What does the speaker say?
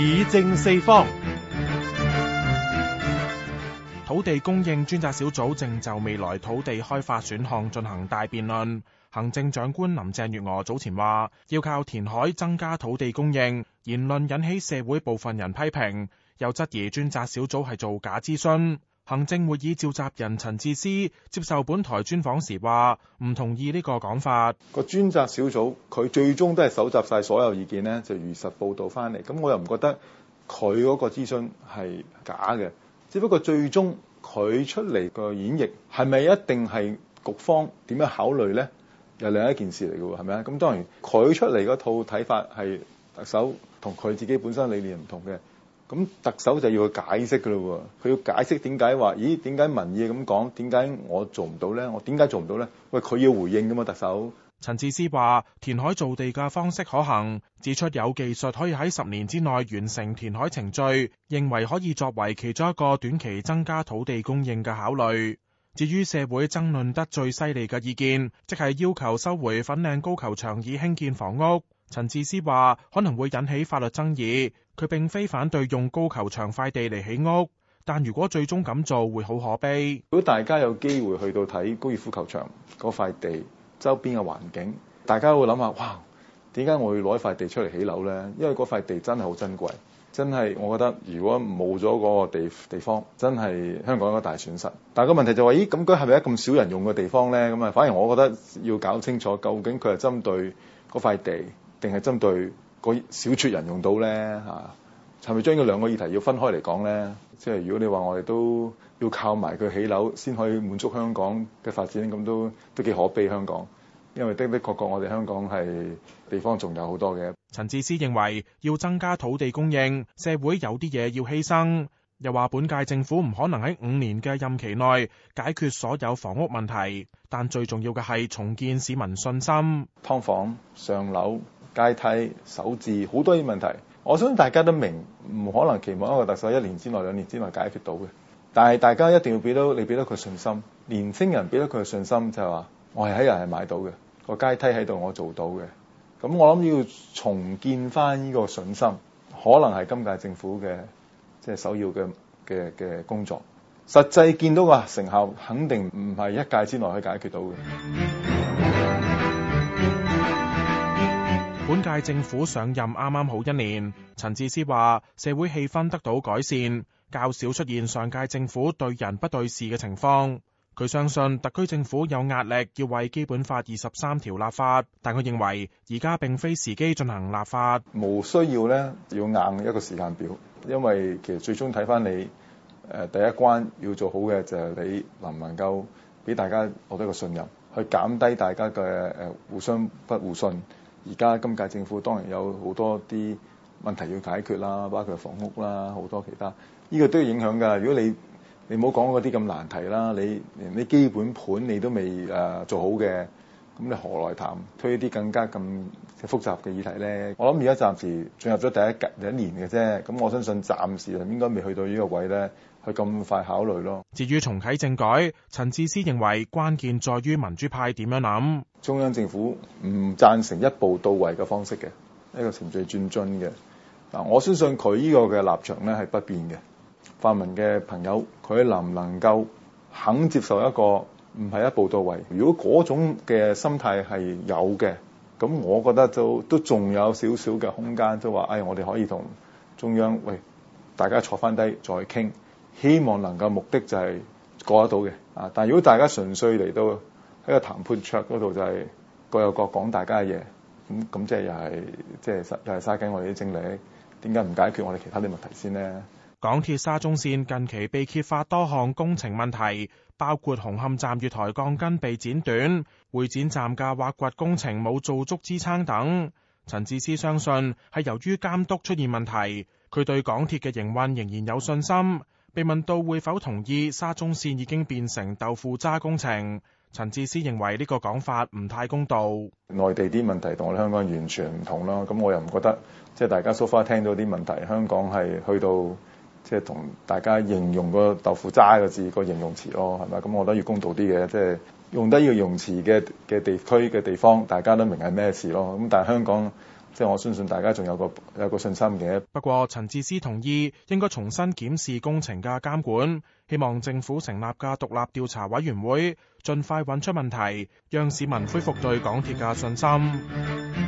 議政四方。土地供應專責小組正就未來土地開發選項進行大辯論。行政長官林鄭月娥早前話要靠填海增加土地供應言論引起社會部分人批評，又質疑專責小組係做假諮詢。行政會議召集人陳智思接受本台專訪時話：唔同意呢個講法。嗰專責小組佢最終都係搜集晒所有意見咧，就如實報導翻嚟。咁我又唔覺得佢嗰個諮詢係假嘅。只不過最終佢出嚟個演繹係咪一定係局方點樣考慮咧？又另一件事嚟嘅喎，係咪啊？咁當然佢出嚟嗰套睇法係特首同佢自己本身理念唔同嘅。咁特首就要去解釋嘅咯喎，佢要解釋點解話，咦點解民意咁講，點解我做唔到呢？我點解做唔到呢？喂，佢要回應噶嘛，特首。陳智思話：填海造地嘅方式可行，指出有技術可以喺十年之內完成填海程序，認為可以作為其中一個短期增加土地供應嘅考慮。至於社會爭論得最犀利嘅意見，即係要求收回粉嶺高球場以興建房屋，陳智思話：可能會引起法律爭議。佢並非反對用高球場塊地嚟起屋，但如果最終咁做，會好可悲。如果大家有機會去到睇高爾夫球場嗰塊地周邊嘅環境，大家會諗下：，哇，點解我要攞一塊地出嚟起樓呢？因為嗰塊地真係好珍貴，真係我覺得如果冇咗嗰個地地方，真係香港一個大損失。但係個問題就話、是：，咦，咁佢係咪喺咁少人用嘅地方呢？」咁啊，反而我覺得要搞清楚究竟佢係針對嗰塊地。定係針對小撮人用到呢？嚇，係咪將呢兩個議題要分開嚟講呢？即係如果你話我哋都要靠埋佢起樓先可以滿足香港嘅發展，咁都都幾可悲。香港因為的的確確我哋香港係地方仲有好多嘅。陳智思認為要增加土地供應，社會有啲嘢要犧牲，又話本屆政府唔可能喺五年嘅任期內解決所有房屋問題，但最重要嘅係重建市民信心。劏房上樓。階梯、首置好多啲問題，我想大家都明，唔可能期望一個特首一年之內、一年之內兩年之內解決到嘅。但係大家一定要俾到你俾到佢信心，年輕人俾到佢信心就係話，我係喺人係買到嘅，個階梯喺度我做到嘅。咁我諗要重建返呢個信心，可能係今屆政府嘅即係首要嘅嘅嘅工作。實際見到個成效，肯定唔係一屆之內可以解決到嘅。本屆政府上任啱啱好一年，陳智思話社會氣氛得到改善，較少出現上屆政府對人不對事嘅情況。佢相信特區政府有壓力要為《基本法》二十三條立法，但佢認為而家並非時機進行立法，無需要咧要硬一個時間表，因為其實最終睇返，你誒第一關要做好嘅就係你能唔能夠俾大家獲得一個信任，去減低大家嘅誒互相不互信。而家今屆政府當然有好多啲問題要解決啦，包括房屋啦，好多其他，呢個都要影響㗎。如果你你唔好講嗰啲咁難題啦，你連啲基本盤你都未誒做好嘅。咁你何來談推一啲更加咁複雜嘅議題咧？我諗而家暫時進入咗第一第一年嘅啫，咁我相信暫時應該未去到呢個位咧，去咁快考慮咯。至於重啟政改，陳智思認為關鍵在於民主派點樣諗。中央政府唔贊成一步到位嘅方式嘅，一個循序漸進嘅。嗱，我相信佢呢個嘅立場咧係不變嘅。泛民嘅朋友，佢能唔能夠肯接受一個？唔係一步到位。如果嗰種嘅心態係有嘅，咁我覺得就都都仲有少少嘅空間，都話誒，我哋可以同中央喂大家坐翻低再傾，希望能夠目的就係過得到嘅。啊，但係如果大家純粹嚟到喺個談判桌嗰度，就係，就係各有各講大家嘅嘢，咁咁即係又係即係又係嘥緊我哋啲精力，點解唔解決我哋其他啲問題先咧？港鐵沙中線近期被揭發多項工程問題，包括紅磡站月台鋼筋被剪短、會展站嘅挖掘工程冇做足支撐等。陳智思相信係由於監督出現問題，佢對港鐵嘅營運仍然有信心。被問到會否同意沙中線已經變成豆腐渣工程，陳智思認為呢個講法唔太公道。內地啲問題同我哋香港完全唔同咯，咁我又唔覺得即係大家 so far 聽到啲問題，香港係去到。即係同大家形容個豆腐渣個字個形容詞咯，係咪？咁我覺得要公道啲嘅，即係用得要用詞嘅嘅地區嘅地方，大家都明係咩事咯。咁但係香港，即係我相信大家仲有個有個信心嘅。不過陳智思同意應該重新檢視工程嘅監管，希望政府成立嘅獨立調查委員會，盡快揾出問題，讓市民恢復對港鐵嘅信心。